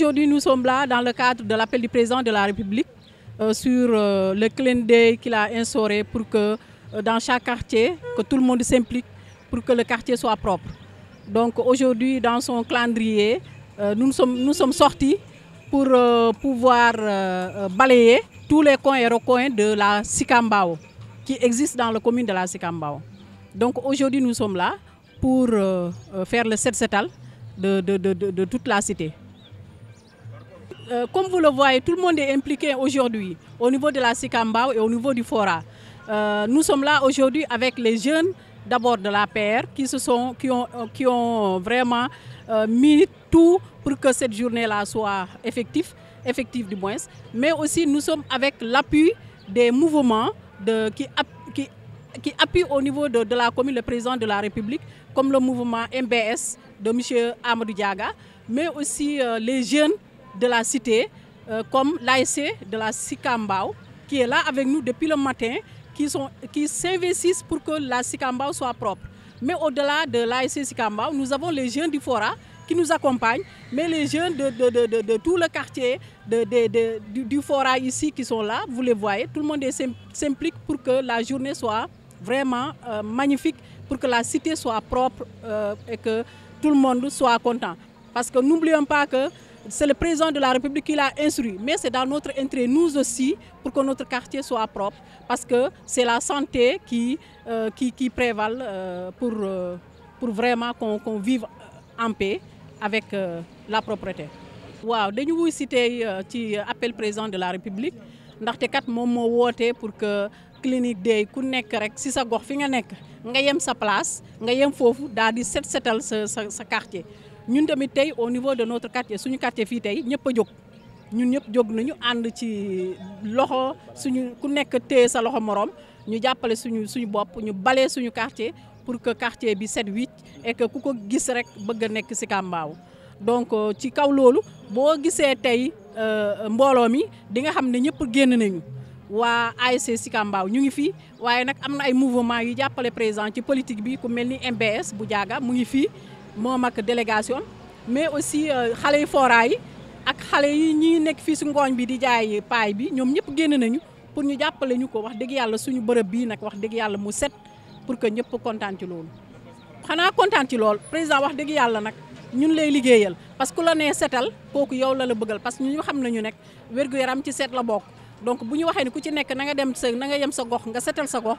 Aujourd'hui, nous sommes là dans le cadre de l'appel du président de la République euh, sur euh, le clin d'œil qu'il a instauré pour que euh, dans chaque quartier, que tout le monde s'implique pour que le quartier soit propre. Donc aujourd'hui, dans son calendrier, nous sommes, nous, sommes, sortis pour pouvoir balayer tous les coins et recoins de la Sikambao, qui existe dans la commune de la Sikambao. Donc aujourd'hui, nous sommes là pour faire le set-setal de toute la cité. Euh, comme vous le voyez, tout le monde est impliqué aujourd'hui au niveau de la Sikambao et au niveau du Fora. Euh, nous sommes là aujourd'hui avec les jeunes d'abord de la PR qui, se sont, qui, ont, euh, qui ont vraiment mis tout pour que cette journée-là soit effective, effective du moins. Mais aussi nous sommes avec l'appui des mouvements qui, qui, appuient au niveau de, la commune le président de la République, comme le mouvement MBS de M. Amadou Diaga, mais aussi les jeunes de la cité, euh, comme l'ASC de la sicambao qui est là avec nous depuis le matin, qui, sont, qui s'investissent pour que la Sikambao soit propre. Mais au-delà de l'ASC Sikambao, nous avons les jeunes du Fora qui nous accompagnent, mais les jeunes de, tout le quartier, du, du, Fora ici qui sont là, vous les voyez, tout le monde s'implique pour que la journée soit vraiment euh, magnifique, pour que la cité soit propre euh, et que tout le monde soit content. Parce que n'oublions pas que c'est le président de la République qui l'a instruit, mais c'est dans notre intérêt, nous aussi, pour que notre quartier soit propre, parce que c'est la santé qui, euh, qui, prévale euh, pour, euh, pour vraiment qu'on vive en paix avec la propreté. waaw dañu wuy cité tey ci président de la République Nous kat moom pour que clinique day ku si sa gox fi nga sa place nga yem foofu ait di set setal sa quartier ñun tamit tey au niveau de notre quartier suñu quartier fii tey ñëpp a jóg ñun ñëpp jóg nañu ànd ci loxo suñu ku nekk téye sa loxo morom ñu jàppale suñu suñu bopp ñu balee suñu quartier pour que quartier bi set wicc et que ku ko gis rek bëgg a nekk Sicap Mbao donc euh, ci kaw loolu boo gisee tey euh, mbooloo mi di nga xam ne ñëpp génn nañu waa ASC Sicap Mbao ñu ngi fii waaye nag am na ay mouvement yu jàppale président ci politique bi ku mel ni MBS bu jaaga mu ngi fii moom ak délégation mais aussi euh, xale yi fooraa yi ak xale yi ñi nekk fii si ngooñ bi di jaay paay bi ñoom ñëpp génn nañu pour ñu jàppale ñu ko wax dëgg yàlla suñu bërëb bi nag wax dëgg yàlla mu set pour que ñëpp kontaan ci loolu. xanaa kontaan ci lool président wax dëgg yàlla nag ñun lay liggéeyal parce que la nee setal kooku yow la la bëggal parce que ñu xam nañu nekk wér-gu-yaram ci set la bokk donc bu ñu waxee ni ku ci nekk na nga dem sa na nga yem sa gox nga setal sa gox.